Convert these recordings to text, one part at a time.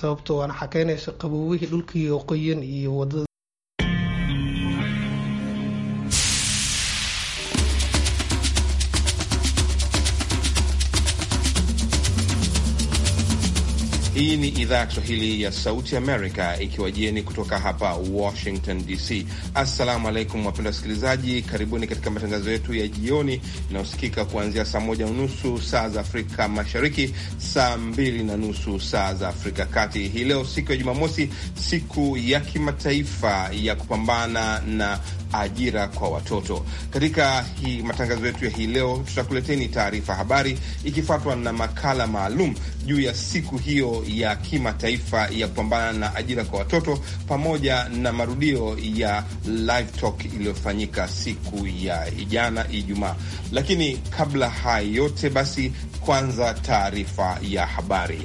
sababto ah waana xakaynayso qaboobihii dhulkii oo qoyan iyo wadada idhaa ya Kiswahili ya Sauti Amerika ikiwajieni kutoka hapa Washington DC. Assalamu alaikum wapenda wasikilizaji, karibuni katika matangazo yetu ya jioni inayosikika kuanzia saa moja unusu saa za Afrika Mashariki, saa mbili na nusu saa za Afrika Kati. Hii leo siku ya Jumamosi, siku ya kimataifa ya kupambana na ajira kwa watoto. Katika hii matangazo yetu ya hii leo tutakuleteni taarifa habari ikifuatwa na makala maalum juu ya siku hiyo ya kimataifa ya kupambana na ajira kwa watoto pamoja na marudio ya live talk iliyofanyika siku ya jana Ijumaa. Lakini kabla hayo yote, basi kwanza taarifa ya habari.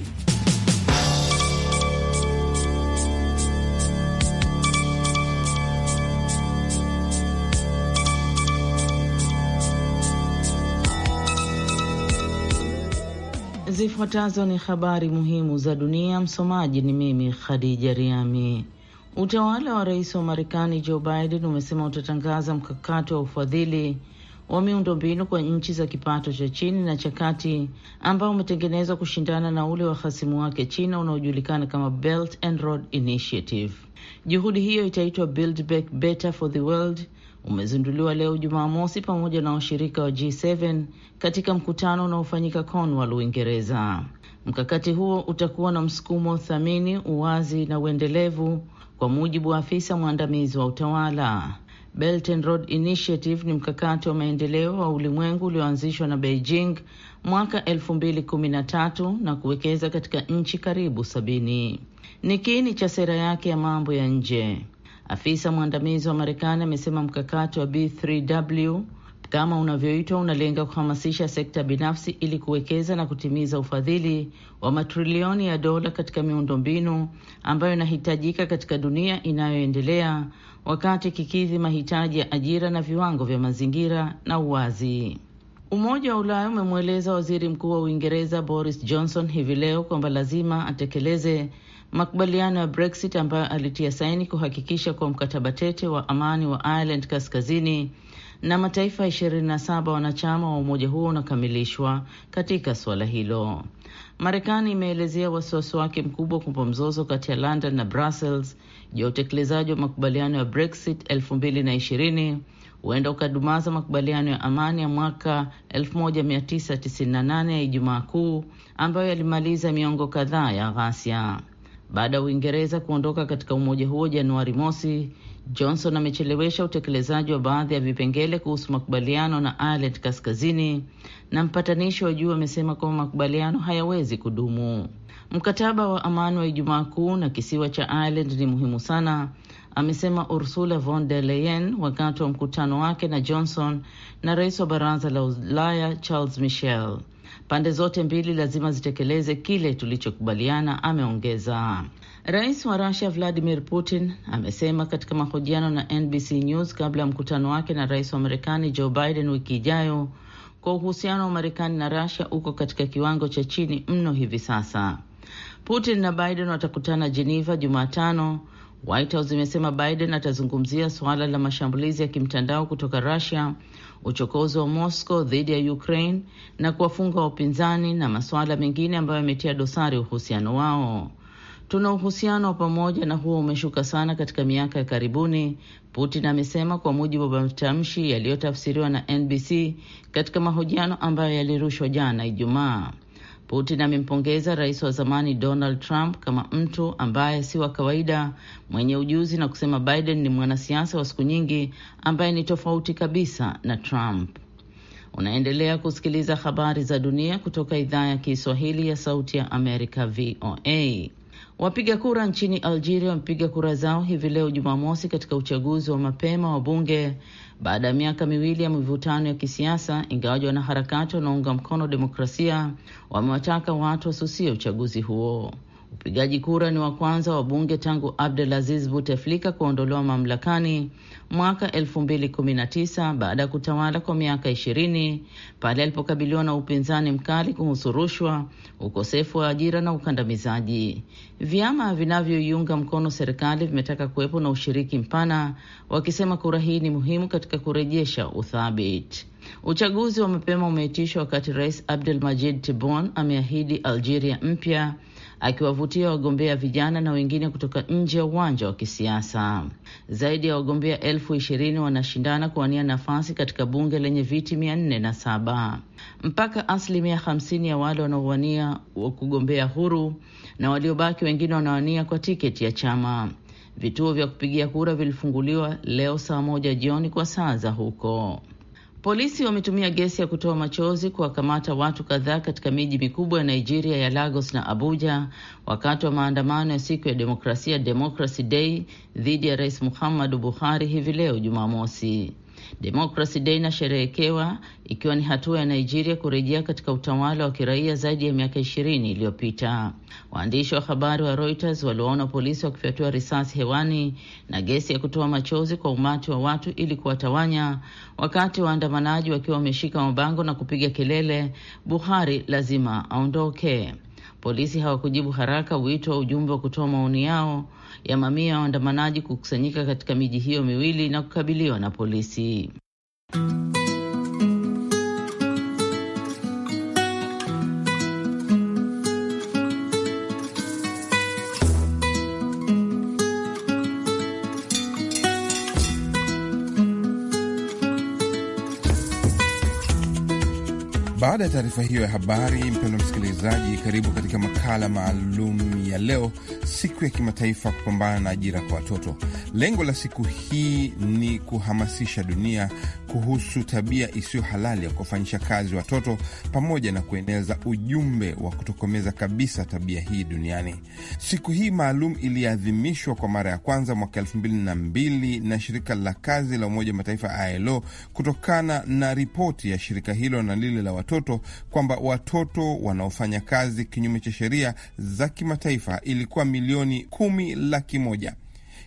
Zifuatazo ni habari muhimu za dunia. Msomaji ni mimi Khadija Riami. Utawala wa rais wa Marekani Joe Biden umesema utatangaza mkakati wa ufadhili wa miundombinu kwa nchi za kipato cha chini na cha kati ambao umetengenezwa kushindana na ule wa hasimu wake China unaojulikana kama Belt and Road Initiative. Juhudi hiyo itaitwa Build Back Better for the World umezinduliwa leo Jumamosi pamoja na washirika wa G7 katika mkutano unaofanyika Cornwall, Uingereza. Mkakati huo utakuwa na msukumo, thamini, uwazi na uendelevu, kwa mujibu wa afisa mwandamizi wa utawala. Belt and Road Initiative ni mkakati wa maendeleo wa ulimwengu ulioanzishwa na Beijing mwaka 2013 na kuwekeza katika nchi karibu sabini. Ni kiini cha sera yake ya mambo ya nje. Afisa mwandamizi wa Marekani amesema mkakati wa B3W kama unavyoitwa unalenga kuhamasisha sekta binafsi ili kuwekeza na kutimiza ufadhili wa matrilioni ya dola katika miundombinu ambayo inahitajika katika dunia inayoendelea, wakati kikidhi mahitaji ya ajira na viwango vya mazingira na uwazi. Umoja wa Ulaya umemweleza waziri mkuu wa Uingereza Boris Johnson hivi leo kwamba lazima atekeleze makubaliano ya Brexit ambayo alitia saini kuhakikisha kwa mkataba tete wa amani wa Ireland Kaskazini na mataifa 27 wanachama wa umoja huo unakamilishwa katika suala hilo. Marekani imeelezea wasiwasi wake mkubwa kwamba mzozo kati ya London na Brussels juu ya utekelezaji wa makubaliano ya Brexit 2020 huenda ukadumaza makubaliano ya amani ya mwaka 1998 ya Ijumaa Kuu ambayo yalimaliza miongo kadhaa ya ghasia. Baada ya Uingereza kuondoka katika umoja huo Januari mosi, Johnson amechelewesha utekelezaji wa baadhi ya vipengele kuhusu makubaliano na Ireland Kaskazini, na mpatanishi wa juu amesema kwamba makubaliano hayawezi kudumu. Mkataba wa amani wa Ijumaa Kuu na kisiwa cha Ireland ni muhimu sana, amesema Ursula von der Leyen wakati wa mkutano wake na Johnson na rais wa baraza la Ulaya Charles Michel. Pande zote mbili lazima zitekeleze kile tulichokubaliana, ameongeza. Rais wa Rusia Vladimir Putin amesema katika mahojiano na NBC News kabla ya mkutano wake na rais wa Marekani Joe Biden wiki ijayo kwa uhusiano wa Marekani na Rusia uko katika kiwango cha chini mno hivi sasa. Putin na Biden watakutana Geneva Jumatano White House imesema Biden atazungumzia suala la mashambulizi ya kimtandao kutoka Russia, uchokozi wa Moscow dhidi ya Ukraine na kuwafunga wapinzani na masuala mengine ambayo yametia dosari uhusiano wao. Tuna uhusiano wa pamoja na huo umeshuka sana katika miaka ya karibuni, Putin amesema, kwa mujibu wa matamshi yaliyotafsiriwa na NBC katika mahojiano ambayo yalirushwa jana Ijumaa. Putin amempongeza rais wa zamani Donald Trump kama mtu ambaye si wa kawaida, mwenye ujuzi na kusema Biden ni mwanasiasa wa siku nyingi ambaye ni tofauti kabisa na Trump. Unaendelea kusikiliza habari za dunia kutoka idhaa ya Kiswahili ya Sauti ya Amerika, VOA. Wapiga kura nchini Algeria wamepiga kura zao hivi leo Jumamosi katika uchaguzi wa mapema wa bunge baada ya miaka miwili ya mivutano ya kisiasa, ingawaji wanaharakati wanaunga mkono demokrasia wamewataka watu wasusie uchaguzi huo. Upigaji kura ni wa kwanza wa bunge tangu aziz Buteflika kuondolewa mamlakani mwaka 2019 baada ya kutawala kwa miaka 20 pale alipokabiliwa na upinzani mkali kuhusu rushwa, ukosefu wa ajira na ukandamizaji. Vyama vinavyoiunga mkono serikali vimetaka kuwepo na ushiriki mpana, wakisema kura hii ni muhimu katika kurejesha uthabiti. Uchaguzi wa mapema umeitishwa wakati Rais abdul Majid tibon ameahidi Algeria mpya akiwavutia wagombea vijana na wengine kutoka nje ya uwanja wa kisiasa. Zaidi ya wagombea elfu ishirini wanashindana kuwania nafasi katika bunge lenye viti mia nne na saba. Mpaka asilimia hamsini ya wale wanaowania wa kugombea huru na waliobaki wengine wanawania kwa tiketi ya chama. Vituo vya kupigia kura vilifunguliwa leo saa moja jioni kwa saa za huko. Polisi wametumia gesi ya kutoa machozi kuwakamata watu kadhaa katika miji mikubwa ya Nigeria ya Lagos na Abuja wakati wa maandamano ya siku ya demokrasia Democracy Day dhidi ya Rais Muhammadu Buhari hivi leo Jumamosi. Democracy Day inasherehekewa ikiwa ni hatua ya Nigeria kurejea katika utawala wa kiraia zaidi ya miaka ishirini iliyopita. Waandishi wa habari wa Reuters walioona polisi wakifyatua risasi hewani na gesi ya kutoa machozi kwa umati wa watu ili kuwatawanya, wakati waandamanaji wakiwa wameshika mabango na kupiga kelele, Buhari lazima aondoke. Polisi hawakujibu haraka wito wa ujumbe wa kutoa maoni yao ya mamia ya waandamanaji kukusanyika katika miji hiyo miwili na kukabiliwa na polisi. Baada ya taarifa hiyo ya habari, mpendo msikilizaji, karibu katika makala maalum ya leo, siku ya kimataifa kupambana na ajira kwa watoto. Lengo la siku hii ni kuhamasisha dunia kuhusu tabia isiyo halali ya kuwafanyisha kazi watoto pamoja na kueneza ujumbe wa kutokomeza kabisa tabia hii duniani. Siku hii maalum iliadhimishwa kwa mara ya kwanza mwaka elfu mbili na mbili na shirika la kazi la Umoja Mataifa ILO kutokana na ripoti ya shirika hilo na lile la watoto kwamba watoto wanaofanya kazi kinyume cha sheria za kimataifa taifa ilikuwa milioni kumi laki moja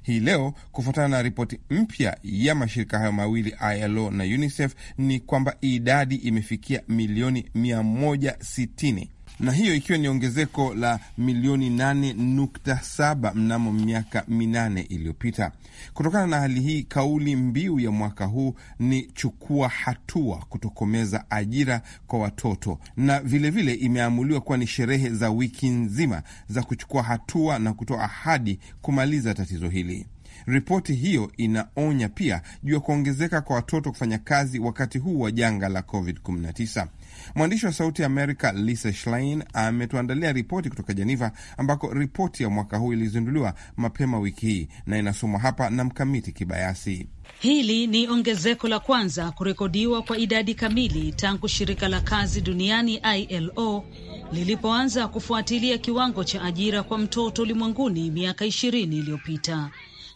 hii leo kufuatana na ripoti mpya ya mashirika hayo mawili ILO na UNICEF ni kwamba idadi imefikia milioni 160 na hiyo ikiwa ni ongezeko la milioni 8.7 mnamo miaka minane iliyopita. Kutokana na hali hii, kauli mbiu ya mwaka huu ni chukua hatua kutokomeza ajira kwa watoto, na vilevile vile imeamuliwa kuwa ni sherehe za wiki nzima za kuchukua hatua na kutoa ahadi kumaliza tatizo hili. Ripoti hiyo inaonya pia juu ya kuongezeka kwa watoto kufanya kazi wakati huu wa janga la COVID-19. Mwandishi wa Sauti Amerika Lisa Schlein ametuandalia ripoti kutoka Jeneva, ambako ripoti ya mwaka huu ilizinduliwa mapema wiki hii na inasomwa hapa na Mkamiti Kibayasi. Hili ni ongezeko la kwanza kurekodiwa kwa idadi kamili tangu shirika la kazi duniani ILO lilipoanza kufuatilia kiwango cha ajira kwa mtoto ulimwenguni miaka ishirini iliyopita.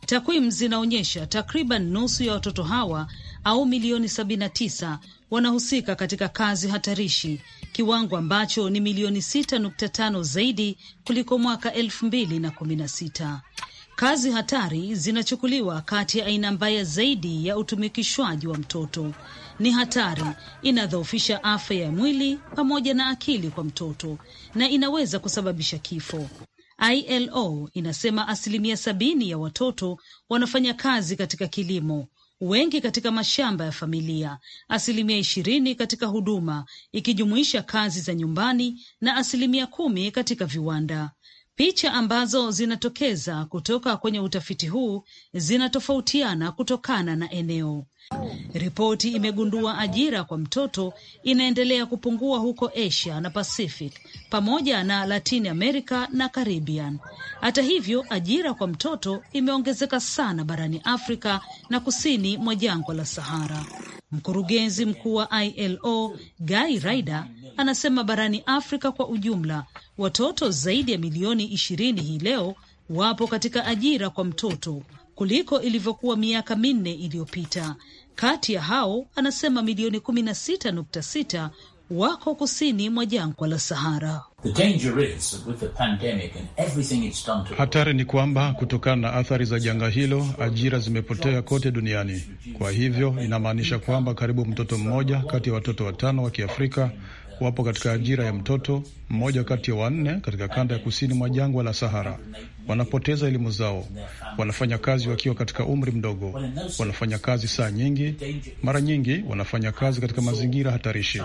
Takwimu zinaonyesha takriban nusu ya watoto hawa au milioni 79 wanahusika katika kazi hatarishi, kiwango ambacho ni milioni 6.5 zaidi kuliko mwaka 2016. Kazi hatari zinachukuliwa kati ya aina mbaya zaidi ya utumikishwaji wa mtoto. Ni hatari, inadhoofisha afya ya mwili pamoja na akili kwa mtoto na inaweza kusababisha kifo. ILO inasema asilimia sabini ya watoto wanafanya kazi katika kilimo, wengi katika mashamba ya familia, asilimia ishirini katika huduma ikijumuisha kazi za nyumbani na asilimia kumi katika viwanda. Picha ambazo zinatokeza kutoka kwenye utafiti huu zinatofautiana kutokana na eneo. Ripoti imegundua ajira kwa mtoto inaendelea kupungua huko Asia na Pacific pamoja na Latin America na Caribbean. Hata hivyo, ajira kwa mtoto imeongezeka sana barani Afrika na kusini mwa jangwa la Sahara. Mkurugenzi mkuu wa ILO Guy Ryder anasema barani Afrika kwa ujumla watoto zaidi ya milioni ishirini hii leo wapo katika ajira kwa mtoto kuliko ilivyokuwa miaka minne iliyopita. Kati ya hao anasema milioni kumi na sita nukta sita wako kusini mwa jangwa la Sahara. Hatari ni kwamba kutokana na athari za janga hilo ajira zimepotea kote duniani. Kwa hivyo inamaanisha kwamba karibu mtoto mmoja kati ya watoto watano wa Kiafrika wapo katika ajira ya mtoto, mmoja kati ya wanne katika kanda ya kusini mwa jangwa la Sahara wanapoteza elimu zao, wanafanya kazi wakiwa katika umri mdogo, wanafanya kazi saa nyingi, mara nyingi wanafanya kazi katika mazingira hatarishi.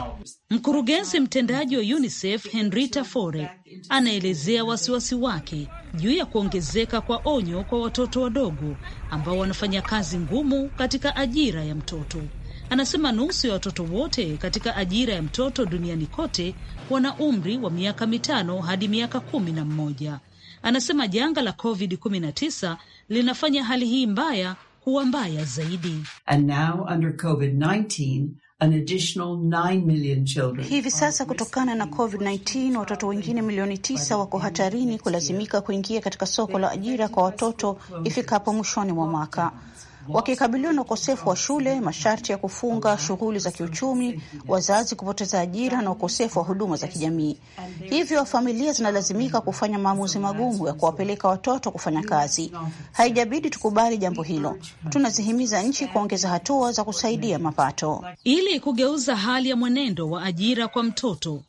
Mkurugenzi mtendaji wa UNICEF henrita Fore anaelezea wasiwasi wake juu ya kuongezeka kwa onyo kwa watoto wadogo ambao wanafanya kazi ngumu katika ajira ya mtoto. Anasema nusu ya watoto wote katika ajira ya mtoto duniani kote wana umri wa miaka mitano hadi miaka kumi na mmoja. Anasema janga la COVID-19 linafanya hali hii mbaya kuwa mbaya zaidi. And now under COVID-19, An additional 9 million children. Hivi sasa kutokana na COVID-19 watoto wengine milioni tisa wako hatarini kulazimika kuingia katika soko la ajira kwa watoto ifikapo mwishoni mwa mwaka wakikabiliwa na ukosefu wa shule, masharti ya kufunga shughuli za kiuchumi, wazazi kupoteza ajira na ukosefu wa huduma za kijamii. Hivyo familia zinalazimika kufanya maamuzi magumu ya kuwapeleka watoto kufanya kazi. Haijabidi tukubali jambo hilo. Tunazihimiza nchi kuongeza hatua za kusaidia mapato ili kugeuza hali ya mwenendo wa ajira kwa mtoto.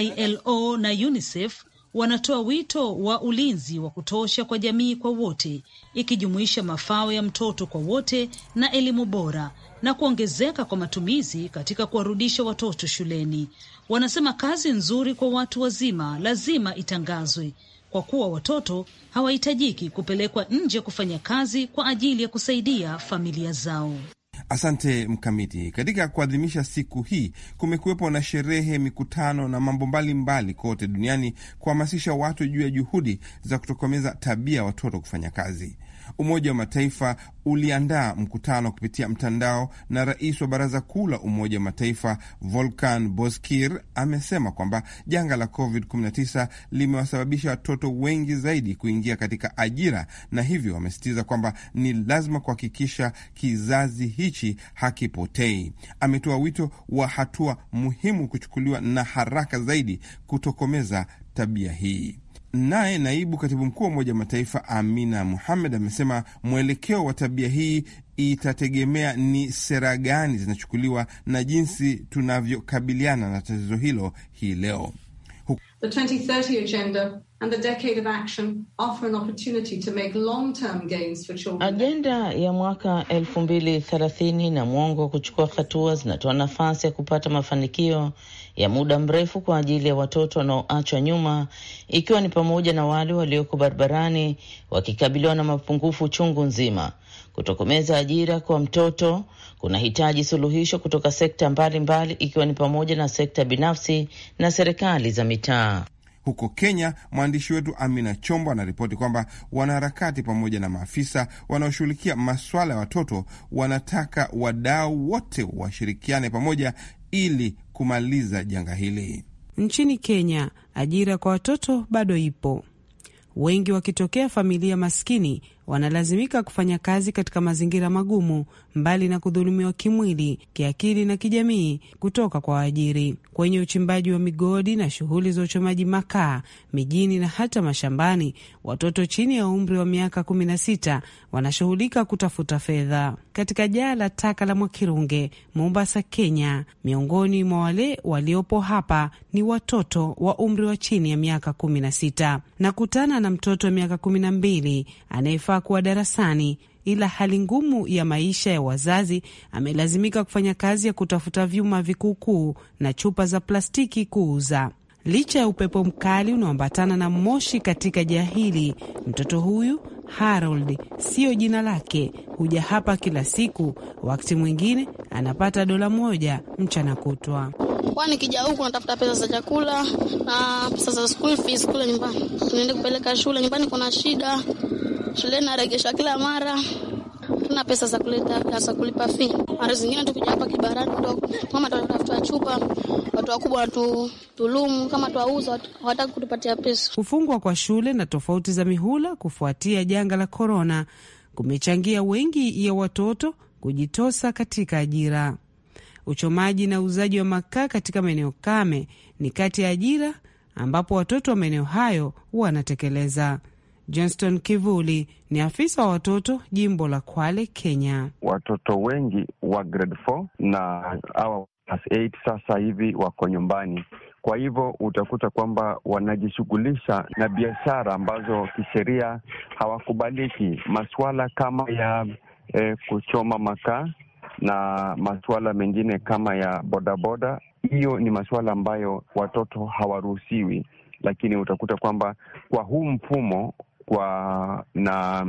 ILO na UNICEF wanatoa wito wa ulinzi wa kutosha kwa jamii kwa wote, ikijumuisha mafao ya mtoto kwa wote na elimu bora na kuongezeka kwa matumizi katika kuwarudisha watoto shuleni. Wanasema kazi nzuri kwa watu wazima lazima itangazwe kwa kuwa watoto hawahitajiki kupelekwa nje kufanya kazi kwa ajili ya kusaidia familia zao. Asante Mkamiti. Katika kuadhimisha siku hii, kumekuwepo na sherehe, mikutano na mambo mbalimbali kote duniani kuhamasisha watu juu ya juhudi za kutokomeza tabia ya watoto kufanya kazi. Umoja wa Mataifa uliandaa mkutano kupitia mtandao, na rais wa Baraza Kuu la Umoja wa Mataifa Volkan Bozkir amesema kwamba janga la COVID-19 limewasababisha watoto wengi zaidi kuingia katika ajira, na hivyo wamesitiza kwamba ni lazima kuhakikisha kizazi hichi hakipotei. Ametoa wito wa hatua muhimu kuchukuliwa na haraka zaidi kutokomeza tabia hii. Naye naibu katibu mkuu wa Umoja wa Mataifa Amina muhammed amesema mwelekeo wa tabia hii itategemea ni sera gani zinachukuliwa na jinsi tunavyokabiliana na tatizo hilo hii leo. The 2030 agenda and the decade of action offer an opportunity to make long-term gains for children. Agenda ya mwaka 2030 na mwongo wa kuchukua hatua zinatoa nafasi ya kupata mafanikio ya muda mrefu kwa ajili ya watoto wanaoachwa nyuma, ikiwa ni pamoja na wale walioko barabarani wakikabiliwa na mapungufu chungu nzima Kutokomeza ajira kwa mtoto kunahitaji suluhisho kutoka sekta mbalimbali mbali, ikiwa ni pamoja na sekta binafsi na serikali za mitaa. Huko Kenya, mwandishi wetu Amina Chombo anaripoti kwamba wanaharakati pamoja na maafisa wanaoshughulikia maswala ya watoto wanataka wadau wote washirikiane pamoja ili kumaliza janga hili. Nchini Kenya, ajira kwa watoto bado ipo, wengi wakitokea familia maskini wanalazimika kufanya kazi katika mazingira magumu, mbali na kudhulumiwa kimwili, kiakili na kijamii kutoka kwa waajiri kwenye uchimbaji wa migodi na shughuli za uchomaji makaa mijini na hata mashambani. Watoto chini ya umri wa miaka kumi na sita wanashughulika kutafuta fedha katika jaa la taka la Mwakirunge, Mombasa, Kenya. Miongoni mwa wale waliopo hapa ni watoto wa umri wa chini ya miaka kumi na sita. Nakutana na mtoto wa miaka kumi na mbili anayefanya wanafaa kuwa darasani, ila hali ngumu ya maisha ya wazazi amelazimika kufanya kazi ya kutafuta vyuma vikuukuu na chupa za plastiki kuuza. Licha ya upepo mkali unaoambatana na moshi katika jaa hili, mtoto huyu Harold siyo jina lake, huja hapa kila siku. Wakati mwingine anapata dola moja mchana kutwa. kwani kija huku natafuta pesa za chakula na pesa za school fees kule nyumbani, tunaende kupeleka shule. Nyumbani kuna shida, shuleni naregesha kila mara tuna pesa za kuleta za kulipa fee. Mara zingine tukija hapa kibarani ndo mama tunatafuta chupa, watu wakubwa wanatulumu kama tuwauza, hawataki kutupatia pesa. Kufungwa kwa shule na tofauti za mihula kufuatia janga la korona kumechangia wengi ya watoto kujitosa katika ajira. Uchomaji na uuzaji wa makaa katika maeneo kame ni kati ya ajira ambapo watoto wa maeneo hayo wanatekeleza Johnston Kivuli ni afisa wa watoto jimbo la Kwale, Kenya. Watoto wengi wa grade 4 na hawa sasa hivi wako nyumbani, kwa hivyo utakuta kwamba wanajishughulisha na biashara ambazo kisheria hawakubaliki, masuala kama ya eh, kuchoma makaa na masuala mengine kama ya bodaboda. Hiyo ni masuala ambayo watoto hawaruhusiwi, lakini utakuta kwamba kwa huu mfumo kwa na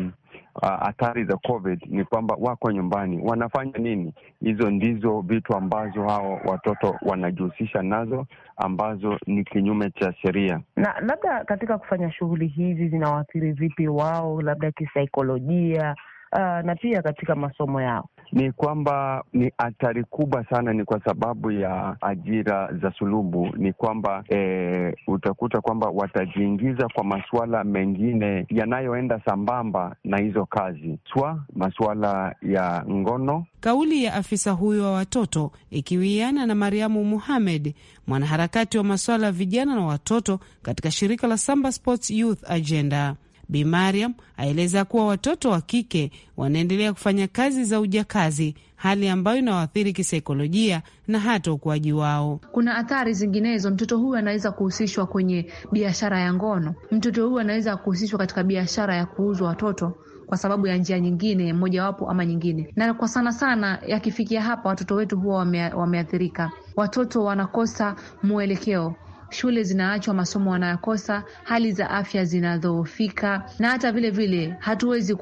hatari uh, za COVID ni kwamba wako nyumbani, wanafanya nini? Hizo ndizo vitu ambazo hao watoto wanajihusisha nazo ambazo ni kinyume cha sheria. Na labda katika kufanya shughuli hizi zinawaathiri vipi wao, labda kisaikolojia, uh, na pia katika masomo yao? ni kwamba ni hatari kubwa sana, ni kwa sababu ya ajira za sulubu. Ni kwamba e, utakuta kwamba watajiingiza kwa masuala mengine yanayoenda sambamba na hizo kazi, swa masuala ya ngono. Kauli ya afisa huyo wa watoto ikiwiana na Mariamu Muhamed, mwanaharakati wa masuala ya vijana na watoto katika shirika la Samba Sports Youth Agenda. Bi Mariam aeleza kuwa watoto wa kike wanaendelea kufanya kazi za ujakazi, hali ambayo inawaathiri kisaikolojia na hata ukuaji wao. Kuna athari zinginezo. Mtoto huyu anaweza kuhusishwa kwenye biashara ya ngono, mtoto huyu anaweza kuhusishwa katika biashara ya kuuzwa watoto kwa sababu ya njia nyingine mojawapo ama nyingine, na kwa sana sana yakifikia hapa, watoto wetu huwa wameathirika, watoto wanakosa mwelekeo shule zinaachwa, masomo wanayakosa, hali za afya zinadhoofika, na hata vile vile hatuwezi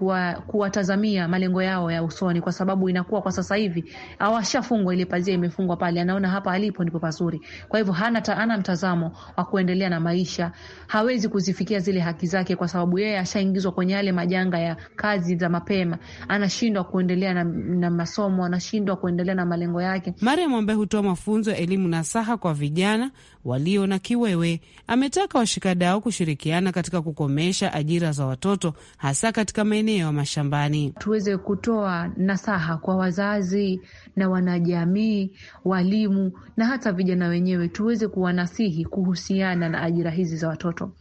kuwatazamia malengo yao ya usoni, kwa sababu inakuwa kwa sasa hivi awashafungwa, ile pazia imefungwa pale, anaona hapa alipo ndipo pazuri. Kwa hivyo hana ana mtazamo wa kuendelea na maisha, hawezi kuzifikia zile haki zake, kwa sababu yeye ashaingizwa kwenye yale majanga ya kazi za mapema, anashindwa kuendelea na, na masomo, anashindwa kuendelea na malengo yake. Mariam ambaye hutoa mafunzo ya elimu na saha kwa vijana walio na Kiwewe ametaka washikadau kushirikiana katika kukomesha ajira za watoto hasa katika maeneo ya mashambani. Tuweze kutoa nasaha kwa wazazi na wanajamii, walimu na hata vijana wenyewe, tuweze kuwanasihi kuhusiana na ajira hizi za watoto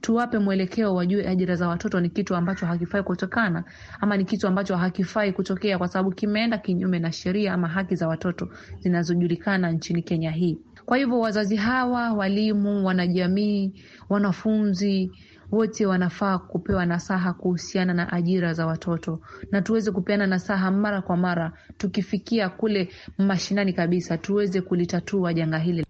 tuwape mwelekeo, wajue ajira za watoto ni kitu ambacho hakifai kutokana ama ni kitu ambacho hakifai kutokea, kwa sababu kimeenda kinyume na sheria ama haki za watoto zinazojulikana nchini Kenya hii. Kwa hivyo wazazi hawa, walimu, wanajamii, wanafunzi wote wanafaa kupewa nasaha kuhusiana na ajira za watoto, na tuweze kupeana nasaha mara kwa mara, tukifikia kule mashinani kabisa, tuweze kulitatua janga hili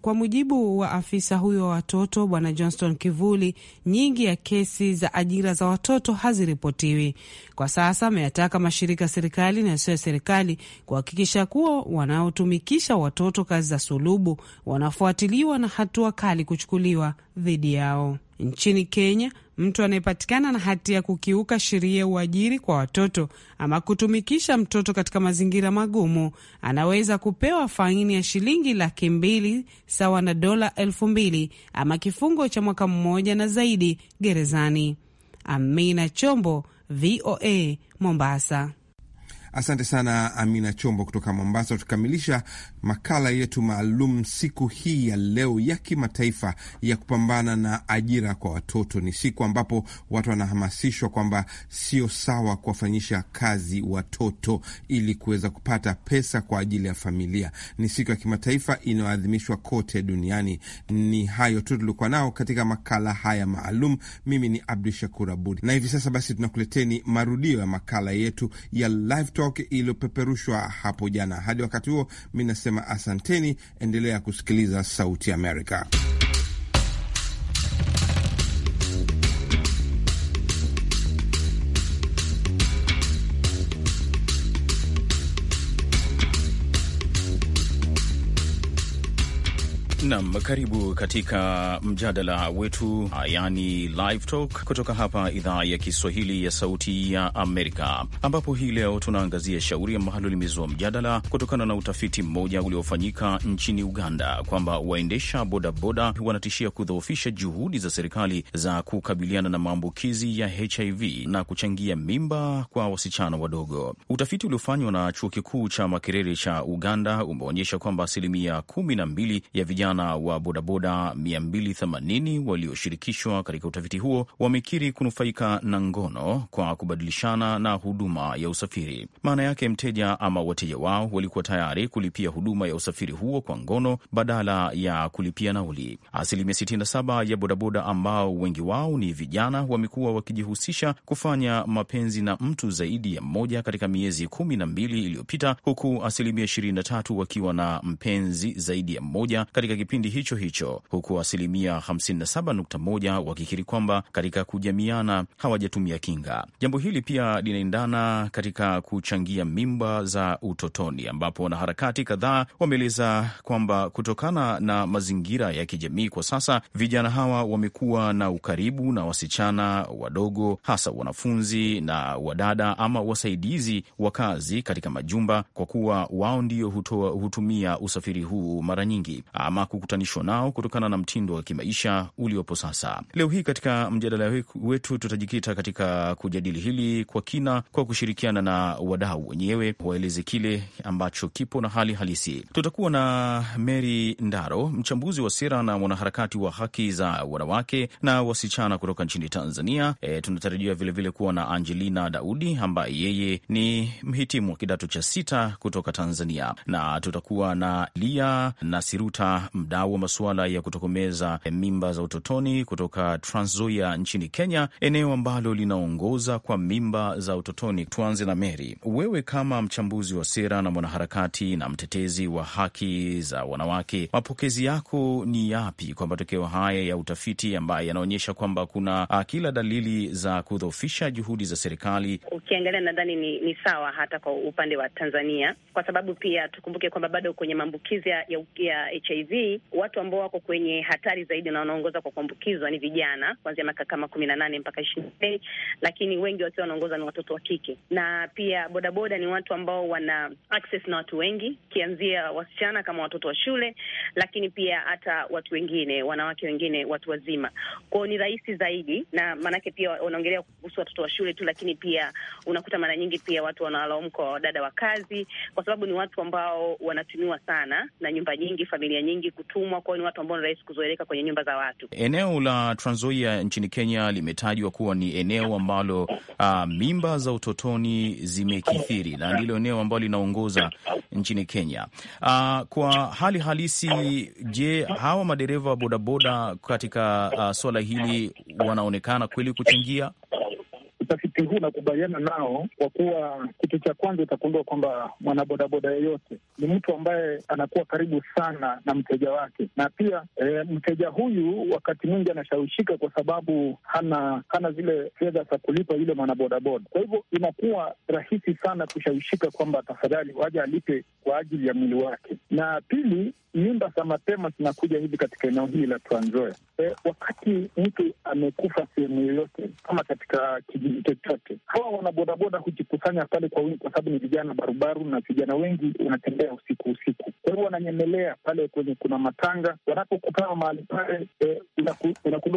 kwa mujibu wa afisa huyo wa watoto Bwana Johnston Kivuli, nyingi ya kesi za ajira za watoto haziripotiwi kwa sasa. Ameyataka mashirika ya serikali na yasiyo ya serikali kuhakikisha kuwa wanaotumikisha watoto kazi za sulubu wanafuatiliwa na hatua kali kuchukuliwa dhidi yao. Nchini Kenya, mtu anayepatikana na hatia ya kukiuka sheria ya uajiri kwa watoto ama kutumikisha mtoto katika mazingira magumu anaweza kupewa faini ya shilingi laki mbili sawa na dola elfu mbili ama kifungo cha mwaka mmoja na zaidi gerezani. Amina Chombo, VOA, Mombasa. Asante sana Amina Chombo kutoka Mombasa. Tukamilisha makala yetu maalum siku hii ya leo ya kimataifa ya kupambana na ajira kwa watoto. Ni siku ambapo watu wanahamasishwa kwamba sio sawa kuwafanyisha kazi watoto ili kuweza kupata pesa kwa ajili ya familia. Ni siku ya kimataifa inayoadhimishwa kote duniani. Ni hayo tu tuliokuwa nao katika makala haya maalum. Mimi ni Abdu Shakur Abud, na hivi sasa basi tunakuleteni marudio ya makala yetu ya live TikTok iliyopeperushwa hapo jana. Hadi wakati huo, mi nasema asanteni, endelea kusikiliza Sauti Amerika. Nam, karibu katika mjadala wetu, ah, yani live talk kutoka hapa idhaa ya Kiswahili ya Sauti ya Amerika, ambapo hii leo tunaangazia shauri ambalo limezua mjadala kutokana na utafiti mmoja uliofanyika nchini Uganda kwamba waendesha bodaboda wanatishia kudhoofisha juhudi za serikali za kukabiliana na maambukizi ya HIV na kuchangia mimba kwa wasichana wadogo. Utafiti uliofanywa na chuo kikuu cha Makerere cha Uganda umeonyesha kwamba asilimia kumi na mbili ya vijana vijana wa bodaboda 280 walioshirikishwa katika utafiti huo wamekiri kunufaika na ngono kwa kubadilishana na huduma ya usafiri. Maana yake mteja ama wateja wao walikuwa tayari kulipia huduma ya usafiri huo kwa ngono badala ya kulipia nauli. Asilimia 67 ya bodaboda ambao wengi wao ni vijana wamekuwa wakijihusisha kufanya mapenzi na mtu zaidi ya mmoja katika miezi kumi na mbili iliyopita, huku asilimia 23 wakiwa na mpenzi zaidi ya mmoja katika kipindi hicho hicho, huku asilimia 57.1 wakikiri kwamba katika kujamiana hawajatumia kinga. Jambo hili pia linaendana katika kuchangia mimba za utotoni, ambapo wanaharakati kadhaa wameeleza kwamba kutokana na mazingira ya kijamii kwa sasa, vijana hawa wamekuwa na ukaribu na wasichana wadogo, hasa wanafunzi na wadada ama wasaidizi wa kazi katika majumba, kwa kuwa wao ndio hutumia usafiri huu mara nyingi ama kukutanishwa nao kutokana na mtindo wa kimaisha uliopo sasa. Leo hii katika mjadala wetu tutajikita katika kujadili hili kwa kina kwa kushirikiana na wadau wenyewe waeleze kile ambacho kipo na hali halisi. Tutakuwa na Mary Ndaro, mchambuzi wa sera na mwanaharakati wa haki za wanawake na wasichana kutoka nchini Tanzania. E, tunatarajia vilevile kuwa na Angelina Daudi ambaye yeye ni mhitimu wa kidato cha sita kutoka Tanzania, na tutakuwa na Lia Nasiruta mdau wa masuala ya kutokomeza mimba za utotoni kutoka Transzoia nchini Kenya, eneo ambalo linaongoza kwa mimba za utotoni. Tuanze na Meri, wewe kama mchambuzi wa sera na mwanaharakati na mtetezi wa haki za wanawake, mapokezi yako ni yapi kwa matokeo haya ya utafiti ambayo yanaonyesha kwamba kuna uh, kila dalili za kudhoofisha juhudi za serikali? Ukiangalia nadhani ni, ni sawa hata kwa upande wa Tanzania, kwa sababu pia tukumbuke kwamba bado kwenye maambukizi ya, ya HIV hii watu ambao wako kwenye hatari zaidi na wanaongoza kwa kuambukizwa ni vijana kuanzia miaka kama kumi na nane mpaka ishirini na lakini wengi wakiwa wanaongoza ni watoto wa kike, na pia bodaboda ni watu ambao wana access na watu wengi, kianzia wasichana kama watoto wa shule, lakini pia hata watu wengine, wanawake wengine, watu wazima. Kwao ni rahisi zaidi, na maanake pia wanaongelea kuhusu watoto wa shule tu, lakini pia unakuta mara nyingi pia watu wanawalaumu kwa wadada wa kazi, kwa sababu ni watu ambao wanatumiwa sana na nyumba nyingi, familia nyingi kutumwa kwao ni watu ambao ni rahisi kuzoeleka kwenye nyumba za watu. Eneo la Trans Nzoia nchini Kenya limetajwa kuwa ni eneo ambalo uh, mimba za utotoni zimekithiri na ndilo eneo ambalo linaongoza nchini Kenya. Uh, kwa hali halisi, je, hawa madereva wa bodaboda katika uh, ah, suala hili wanaonekana kweli kuchangia? wakati huu nakubaliana nao kwa kuwa kitu cha kwanza utakundua kwamba mwanabodaboda yeyote ni mtu ambaye anakuwa karibu sana na mteja wake, na pia e, mteja huyu wakati mwingi anashawishika kwa sababu hana hana zile fedha za kulipa yule mwanabodaboda. Kwa hivyo inakuwa rahisi sana kushawishika kwamba tafadhali waje alipe kwa ajili ya mwili wake. Na pili, nyumba za mapema zinakuja hivi katika eneo hili la Trans Nzoia. E, eh, wakati mtu amekufa sehemu yoyote kama katika kijiji chochote chochote. Hawa wanabodaboda hujikusanya pale kwa wingi, kwa sababu ni vijana barubaru na vijana wengi wanatembea usiku usiku, kwa hio wananyemelea pale kwenye kuna matanga. Wanapokutana mahali pale, eh,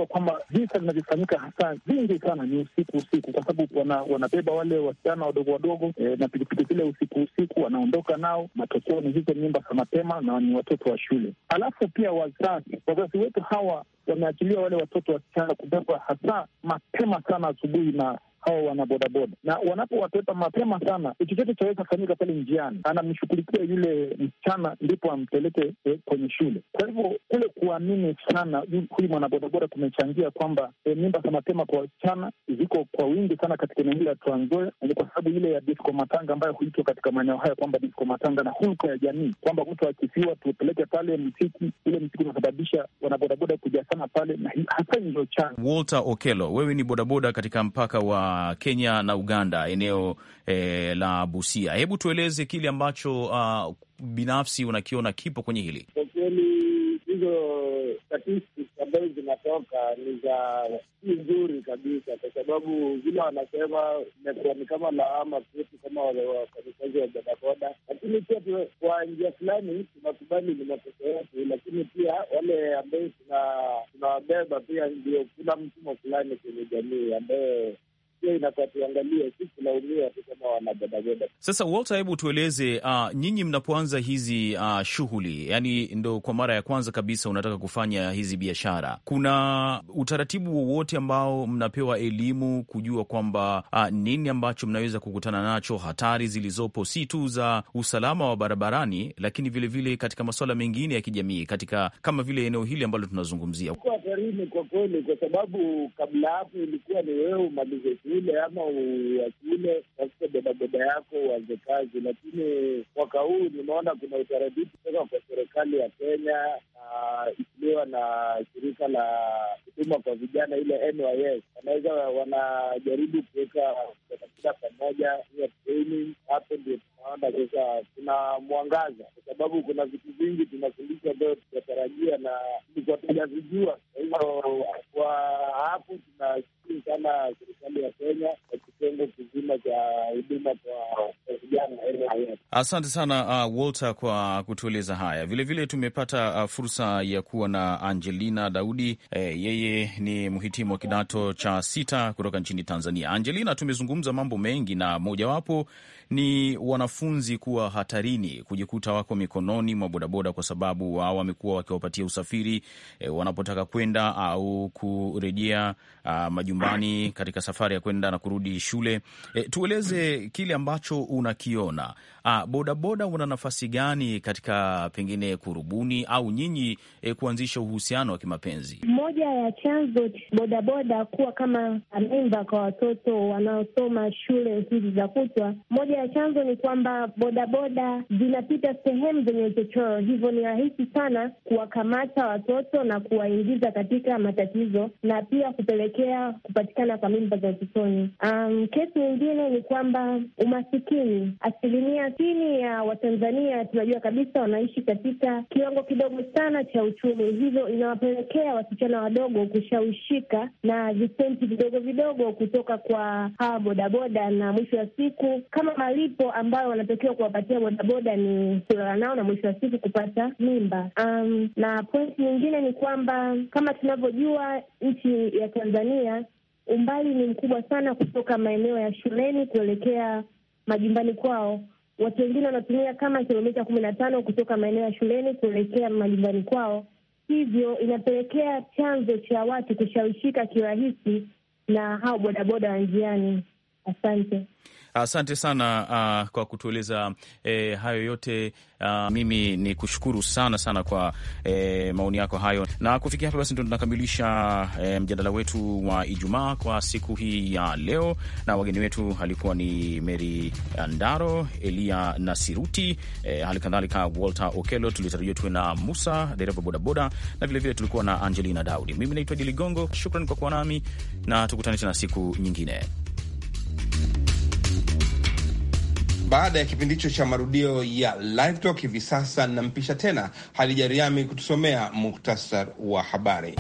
kwamba visa vinavyofanyika hasa vingi sana ni usiku usiku, kwa sababu wana, wanabeba wale wasichana wadogo wadogo eh, na pikipiki zile usiku usiku, wanaondoka nao. Matokeo ni hizo nyumba za mapema na ni watoto wa shule. Alafu pia wazazi, wazazi wetu hawa wameachilia wale watoto wasichana kubebwa hasa mapema sana asubuhi na hao wanabodaboda, na wanapowateta mapema sana, chochote chaweza kufanyika pale njiani, anamshughulikia yule msichana, ndipo ampeleke eh, kwenye shule. Kwa hivyo kule kuamini sana huyu mwanabodaboda kumechangia kwamba eh, mimba za mapema kwa wasichana ziko kwa wingi sana katika eneo hili la Trans Nzoia, ni kwa sababu ile ya disko matanga ambayo huitwa katika maeneo haya kwamba disko matanga, na hulka ya jamii kwamba mtu akifiwa tupeleke pale msiki, ile msiki unasababisha wanabodaboda kuja sana pale, na hasa ndio chana. Walter Okelo, wewe ni bodaboda katika mpaka wa Kenya na Uganda, eneo eh, la Busia. Hebu tueleze kile ambacho uh, binafsi unakiona kipo kwenye hili. Kwa kweli hizo statistics ambazo zinatoka ni za si nzuri kabisa, kwa sababu vile wanasema imekuwa ni kama lawama kwetu kama wafanyikazi wa bodaboda, lakini pia kwa njia fulani tunakubali ni makosa yetu, lakini pia wale ambayo tunawabeba pia ndio kuna mfumo fulani kwenye jamii ambayo hiyo inakatuangalia sisi si tu kama wanabodaboda. Sasa Walter, hebu tueleze, uh, nyinyi mnapoanza hizi uh, shughuli, yani ndo kwa mara ya kwanza kabisa unataka kufanya hizi biashara, kuna utaratibu wowote ambao mnapewa elimu kujua kwamba uh, nini ambacho mnaweza kukutana nacho, hatari zilizopo, si tu za usalama wa barabarani, lakini vilevile vile katika masuala mengine ya kijamii, katika kama vile eneo hili ambalo tunazungumzia kwa ni kwa kweli, kwa sababu kabla hapo ilikuwa ni wewe umalize shule ama uwashule tafute bodaboda yako uanze kazi, lakini mwaka huu nimeona kuna utaratibu kutoka kwa serikali ya Kenya na ikiliwa na shirika la huduma kwa vijana ile NYS, wanaweza wanajaribu kuweka kila pamoja hiyo training. Hapo ndio tunaona sasa kuna mwangaza, kwa sababu kuna vitu vingi tunafundisha ambayo tunatarajia na tulikuwa tunavijua hivyo kwa hapo tunashukuru sana serikali ya Kenya kwa kitengo kizima cha huduma kwa Asante sana uh, Walter kwa kutueleza haya. Vilevile vile tumepata uh, fursa ya kuwa na Angelina Daudi eh, yeye ni mhitimu wa kidato cha sita kutoka nchini Tanzania. Angelina, tumezungumza mambo mengi na mojawapo ni wanafunzi kuwa hatarini kujikuta wako mikononi mwa bodaboda, kwa sababu wao wamekuwa wakiwapatia usafiri e, wanapotaka kwenda au kurejea majumbani katika safari ya kwenda na kurudi shule. E, tueleze kile ambacho unakiona. bodaboda una nafasi gani katika pengine kurubuni au nyinyi e, kuanzisha uhusiano wa kimapenzi? Moja ya chanzo bodaboda kuwa kama memba kwa watoto wanaosoma shule hizi za kutwa, moja ya chanzo ni kwamba bodaboda zinapita sehemu zenye uchochoro, hivyo ni rahisi sana kuwakamata watoto na kuwaingiza katika matatizo na pia kupelekea kupatikana kwa mimba za utotoni. Um, kesi nyingine ni kwamba umasikini, asilimia sitini ya Watanzania tunajua kabisa wanaishi katika kiwango kidogo sana cha uchumi, hivyo inawapelekea wasichana wadogo kushawishika na visenti vidogo vidogo kutoka kwa hawa bodaboda, na mwisho wa siku kama malipo ambayo wanatakiwa kuwapatia bodaboda ni kulala nao na mwisho wa siku kupata mimba. Um, na pointi nyingine ni kwamba kama tunavyojua nchi ya Tanzania umbali ni mkubwa sana kutoka maeneo ya shuleni kuelekea majumbani kwao. Watu wengine wanatumia kama kilomita kumi na tano kutoka maeneo ya shuleni kuelekea majumbani kwao, hivyo inapelekea chanzo cha watu kushawishika kirahisi na hao bodaboda wa njiani. Asante. Asante sana uh, kwa kutueleza eh, hayo yote uh, mimi ni kushukuru sana sana kwa eh, maoni yako hayo, na kufikia hapa basi ndo tunakamilisha eh, mjadala wetu wa Ijumaa kwa siku hii ya leo, na wageni wetu alikuwa ni Meri Andaro, Elia Nasiruti, eh, hali kadhalika Walter Okelo. Tulitarajia tuwe na Musa dereva bodaboda, na vilevile tulikuwa na Angelina Daudi. Mimi naitwa Jiligongo, shukran kwa kuwa nami na tukutane tena siku nyingine. Baada ya kipindi hicho cha marudio ya Live Talk, hivi sasa nampisha tena Hadija Riami kutusomea muhtasar wa habari.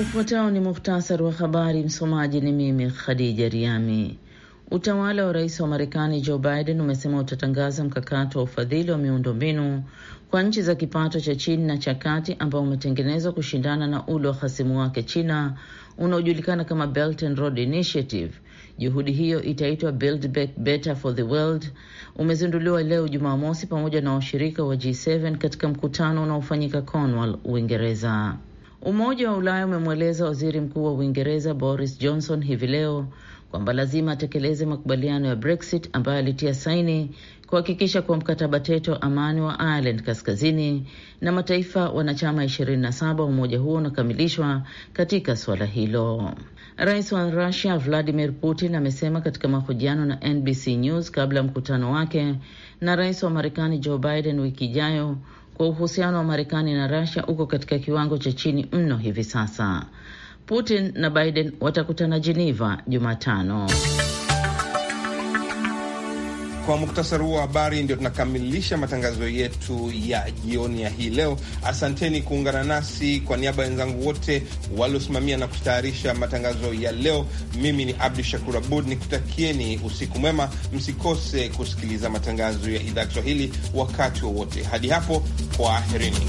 Ufuatao ni muhtasar wa habari. Msomaji ni mimi Khadija Riami. Utawala wa rais wa Marekani Joe Biden umesema utatangaza mkakati wa ufadhili wa miundombinu kwa nchi za kipato cha chini na cha kati ambao umetengenezwa kushindana na ule wa hasimu wake China unaojulikana kama Belt and Road Initiative. Juhudi hiyo itaitwa Build Back Better for the World, umezinduliwa leo Jumamosi pamoja na washirika wa G7 katika mkutano unaofanyika Cornwall, Uingereza. Umoja wa Ulaya umemweleza waziri mkuu wa Uingereza Boris Johnson hivi leo kwamba lazima atekeleze makubaliano ya Brexit ambayo alitia saini kuhakikisha kuwa mkataba tete wa amani wa Ireland kaskazini na mataifa wanachama 27 wa umoja huo unakamilishwa katika suala hilo. Rais wa Russia Vladimir Putin amesema katika mahojiano na NBC News kabla ya mkutano wake na rais wa Marekani Joe Biden wiki ijayo kwa uhusiano wa Marekani na Russia uko katika kiwango cha chini mno hivi sasa. Putin na Biden watakutana Geneva Jumatano. Kwa muktasari huo wa habari, ndio tunakamilisha matangazo yetu ya jioni ya hii leo. Asanteni kuungana nasi. Kwa niaba ya wenzangu wote waliosimamia na kutayarisha matangazo ya leo, mimi ni Abdu Shakur Abud nikutakieni usiku mwema. Msikose kusikiliza matangazo ya idhaa Kiswahili wakati wowote. Hadi hapo, kwa aherini.